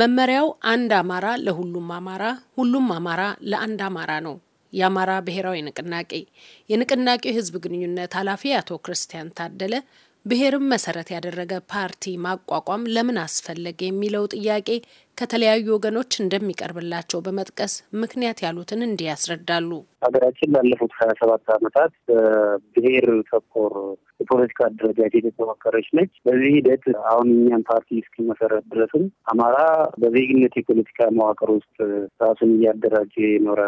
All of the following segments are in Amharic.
መመሪያው አንድ አማራ ለሁሉም አማራ፣ ሁሉም አማራ ለአንድ አማራ ነው። የአማራ ብሔራዊ ንቅናቄ የንቅናቄው ህዝብ ግንኙነት ኃላፊ አቶ ክርስቲያን ታደለ ብሔርን መሰረት ያደረገ ፓርቲ ማቋቋም ለምን አስፈለገ የሚለው ጥያቄ ከተለያዩ ወገኖች እንደሚቀርብላቸው በመጥቀስ ምክንያት ያሉትን እንዲህ ያስረዳሉ። ሀገራችን ላለፉት ሀያ ሰባት ዓመታት በብሔር ተኮር የፖለቲካ አደረጃጀት የተሞከረች ነች። በዚህ ሂደት አሁን እኛም ፓርቲ እስኪመሰረት ድረስም አማራ በዜግነት የፖለቲካ መዋቅር ውስጥ ራሱን እያደራጀ የኖረ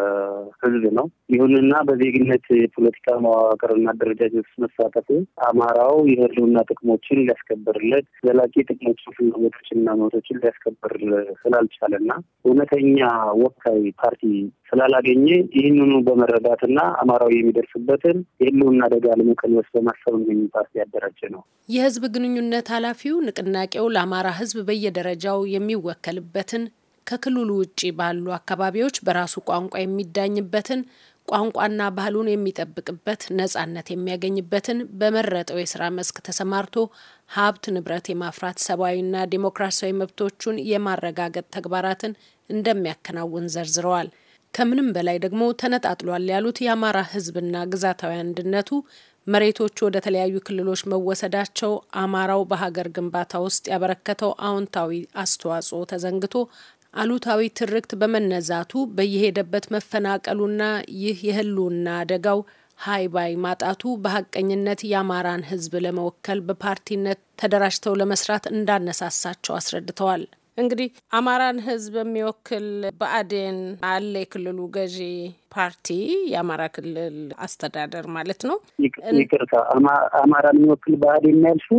ህዝብ ነው። ይሁንና በዜግነት የፖለቲካ መዋቅርና አደረጃጀት ውስጥ መሳተፉ አማራው የህልውና ጥቅሞችን ሊያስከብርለት፣ ዘላቂ ጥቅሞችን፣ ፍላጎቶችንና መብቶችን ሊያስከብርለት ስላልቻለና እውነተኛ ወካይ ፓርቲ ስላላገኘ ይህንኑ በመረዳትና አማራዊ የሚደርስበትን የህልውና አደጋ ለመቀነስ በማሰብ ነው ፓርቲ ያደራጀ ነው። የህዝብ ግንኙነት ኃላፊው ንቅናቄው ለአማራ ህዝብ በየደረጃው የሚወከልበትን ከክልሉ ውጭ ባሉ አካባቢዎች በራሱ ቋንቋ የሚዳኝበትን ቋንቋና ባህሉን የሚጠብቅበት ነጻነት የሚያገኝበትን በመረጠው የስራ መስክ ተሰማርቶ ሀብት ንብረት የማፍራት ሰብአዊና ዴሞክራሲያዊ መብቶቹን የማረጋገጥ ተግባራትን እንደሚያከናውን ዘርዝረዋል። ከምንም በላይ ደግሞ ተነጣጥሏል ያሉት የአማራ ህዝብና ግዛታዊ አንድነቱ መሬቶቹ ወደ ተለያዩ ክልሎች መወሰዳቸው አማራው በሀገር ግንባታ ውስጥ ያበረከተው አዎንታዊ አስተዋጽኦ ተዘንግቶ አሉታዊ ትርክት በመነዛቱ በየሄደበት መፈናቀሉና ይህ የህልውና አደጋው ሀይባይ ማጣቱ በሀቀኝነት የአማራን ህዝብ ለመወከል በፓርቲነት ተደራጅተው ለመስራት እንዳነሳሳቸው አስረድተዋል። እንግዲህ አማራን ህዝብ የሚወክል ብአዴን አለ። የክልሉ ገዢ ፓርቲ የአማራ ክልል አስተዳደር ማለት ነው። ይቅርታ፣ አማራን የሚወክል ብአዴን ያልሱ?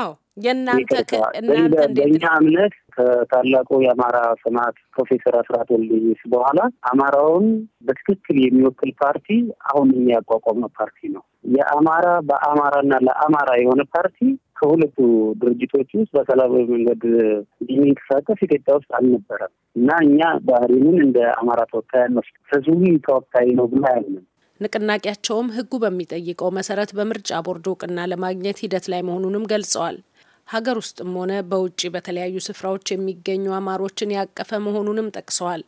አዎ፣ የእናንተ እናንተ እንዴት ከታላቁ የአማራ ሰማዕት ፕሮፌሰር አስራት ወልደየስ በኋላ አማራውን በትክክል የሚወክል ፓርቲ አሁን የሚያቋቋመ ፓርቲ ነው። የአማራ በአማራና ለአማራ የሆነ ፓርቲ ከሁለቱ ድርጅቶች ውስጥ በሰላማዊ መንገድ የሚንቀሳቀስ ኢትዮጵያ ውስጥ አልነበረም እና እኛ ባህሪንን እንደ አማራ ተወካይ አንወስድ፣ ህዝቡም ተወካይ ነው ብሎ አያምንም። ንቅናቄያቸውም ህጉ በሚጠይቀው መሰረት በምርጫ ቦርድ እውቅና ለማግኘት ሂደት ላይ መሆኑንም ገልጸዋል። ሀገር ውስጥም ሆነ በውጭ በተለያዩ ስፍራዎች የሚገኙ አማሮችን ያቀፈ መሆኑንም ጠቅሰዋል።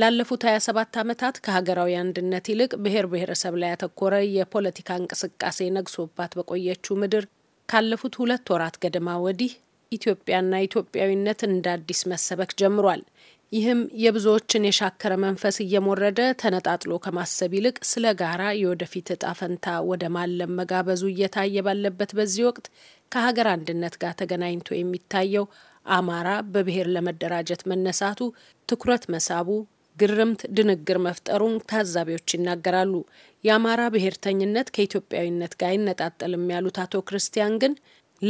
ላለፉት 27 ዓመታት ከሀገራዊ አንድነት ይልቅ ብሔር ብሔረሰብ ላይ ያተኮረ የፖለቲካ እንቅስቃሴ ነግሶባት በቆየችው ምድር ካለፉት ሁለት ወራት ገደማ ወዲህ ኢትዮጵያና ኢትዮጵያዊነት እንደ አዲስ መሰበክ ጀምሯል። ይህም የብዙዎችን የሻከረ መንፈስ እየሞረደ ተነጣጥሎ ከማሰብ ይልቅ ስለ ጋራ የወደፊት እጣ ፈንታ ወደ ማለም መጋበዙ እየታየ ባለበት በዚህ ወቅት ከሀገር አንድነት ጋር ተገናኝቶ የሚታየው አማራ በብሔር ለመደራጀት መነሳቱ ትኩረት መሳቡ ግርምት፣ ድንግር መፍጠሩን ታዛቢዎች ይናገራሉ። የአማራ ብሔርተኝነት ከኢትዮጵያዊነት ጋር አይነጣጠልም ያሉት አቶ ክርስቲያን ግን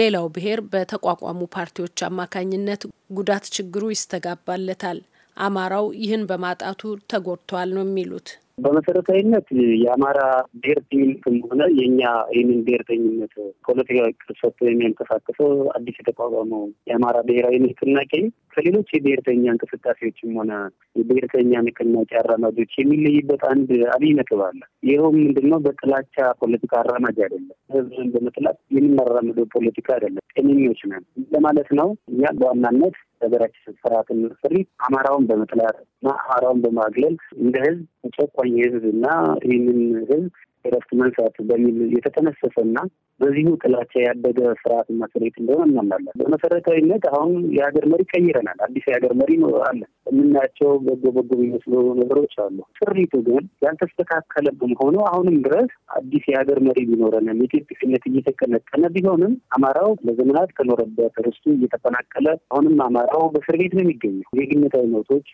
ሌላው ብሔር በተቋቋሙ ፓርቲዎች አማካኝነት ጉዳት ችግሩ ይስተጋባለታል። አማራው ይህን በማጣቱ ተጎድቷል ነው የሚሉት። በመሰረታዊነት የአማራ ብሔርተኝነትም ሆነ የእኛ ይህንን ብሔርተኝነት ፖለቲካዊ ቅርሶት የሚያንቀሳቀሰው አዲስ የተቋቋመው የአማራ ብሔራዊ ንቅናቄ ከሌሎች የብሔርተኛ እንቅስቃሴዎችም ሆነ የብሔርተኛ ንቅናቄ አራማጆች የሚለይበት አንድ አብይ ነጥብ አለ። ይኸውም ምንድነው? በጥላቻ ፖለቲካ አራማጅ አይደለም። ህዝብን በመጥላት የምናራምደው ፖለቲካ አይደለም። ጤነኞች ነን ለማለት ነው። እኛ በዋናነት ሀገራችን ስርዓትና ስሪት አማራውን በመጥላት እና አማራውን በማግለል እንደ ህዝብ ጨቆኝ ህዝብ እና ይህንን ህዝብ እረፍት መንሳት በሚል የተጠነሰሰና በዚሁ ጥላቻ ያደገ ስርዓት ማስሬት እንደሆነ እናምናለን። በመሰረታዊነት አሁን የሀገር መሪ ቀይረናል። አዲስ የሀገር መሪ አለ የምናያቸው በጎ በጎ የሚመስሉ ነገሮች አሉ። ስሪቱ ግን ያልተስተካከለብም ሆኖ አሁንም ድረስ አዲስ የሀገር መሪ ቢኖረንም የኢትዮጵያዊነት እየተቀነቀነ ቢሆንም አማራው ለዘመናት ከኖረበት ርስቱ እየተፈናቀለ አሁንም አማራው በእስር ቤት ነው የሚገኘው። ዜግነታዊ መብቶቹ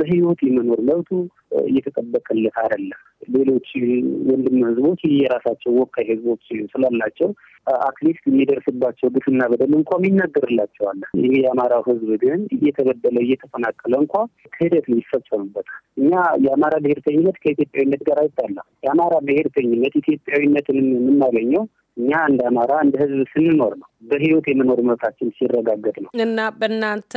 በህይወት የመኖር መብቱ እየተጠበቀለት አይደለም። ሌሎች ወንድም ህዝቦች የራሳቸው ወካይ ህዝቦች ስላላቸው አትሊስት የሚደርስባቸው ግፍና በደል እንኳ ይናገርላቸዋል። ይህ የአማራው ህዝብ ግን እየተበደለ እየተፈናቀለ እንኳ ክህደት ይፈጸምበታል። እኛ የአማራ ብሔርተኝነት ከኢትዮጵያዊነት ጋር አይጣላም። የአማራ ብሔርተኝነት ኢትዮጵያዊነትን የምናገኘው እኛ እንደ አማራ እንደ ህዝብ ስንኖር ነው በህይወት የመኖር መብታችን ሲረጋገጥ ነው እና በእናንተ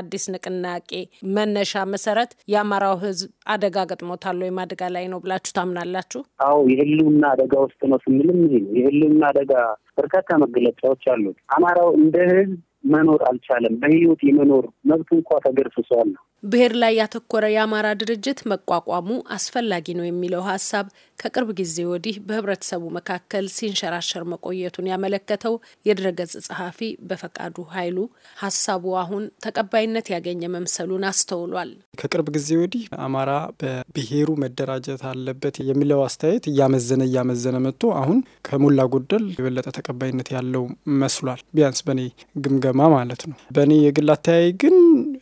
አዲስ ንቅናቄ መነሻ መሰረት የአማራው ህዝብ አደጋ ገጥሞታል ወይም አደጋ ላይ ነው ብላችሁ ታምናላችሁ? አዎ የህልውና አደጋ ውስጥ ነው ስንልም ይህ ነው። የህልውና አደጋ በርካታ መገለጫዎች አሉት። አማራው እንደ ህዝብ መኖር አልቻለም። በህይወት የመኖር መብቱ እንኳ ተገርፍሷል። ነው። ብሔር ላይ ያተኮረ የአማራ ድርጅት መቋቋሙ አስፈላጊ ነው የሚለው ሀሳብ ከቅርብ ጊዜ ወዲህ በህብረተሰቡ መካከል ሲንሸራሸር መቆየቱን ያመለከተው የድረገጽ ጸሐፊ በፈቃዱ ኃይሉ ሀሳቡ አሁን ተቀባይነት ያገኘ መምሰሉን አስተውሏል። ከቅርብ ጊዜ ወዲህ አማራ በብሔሩ መደራጀት አለበት የሚለው አስተያየት እያመዘነ እያመዘነ መጥቶ አሁን ከሞላ ጎደል የበለጠ ተቀባይነት ያለው መስሏል። ቢያንስ በእኔ ግምገማ ማለት ነው። በእኔ የግል አተያይ ግን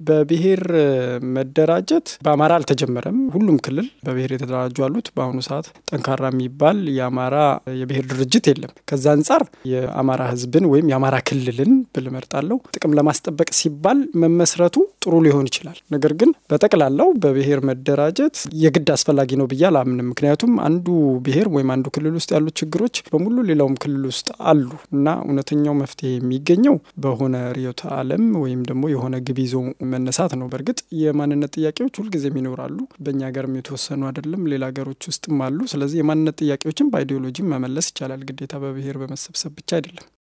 በብሔር መደራጀት በአማራ አልተጀመረም። ሁሉም ክልል በብሔር የተደራጁ አሉት። በአሁኑ ሰዓት ጠንካራ የሚባል የአማራ የብሔር ድርጅት የለም። ከዛ አንጻር የአማራ ህዝብን ወይም የአማራ ክልልን ብልመርጣለው ጥቅም ለማስጠበቅ ሲባል መመስረቱ ጥሩ ሊሆን ይችላል። ነገር ግን በጠቅላላው በብሔር መደራጀት የግድ አስፈላጊ ነው ብዬ አላምንም። ምክንያቱም አንዱ ብሔር ወይም አንዱ ክልል ውስጥ ያሉት ችግሮች በሙሉ ሌላውም ክልል ውስጥ አሉ እና እውነተኛው መፍትሄ የሚገኘው በሆነ ርዕዮተ ዓለም ወይም ደግሞ የሆነ ግብ ይዞ መነሳት ነው። በእርግጥ የማንነት ጥያቄዎች ሁልጊዜም ይኖራሉ። በእኛ ሀገርም የተወሰኑ አይደለም፣ ሌላ ሀገሮች ውስጥም አሉ። ስለዚህ የማንነት ጥያቄዎችን በአይዲዮሎጂ መመለስ ይቻላል፣ ግዴታ በብሔር በመሰብሰብ ብቻ አይደለም።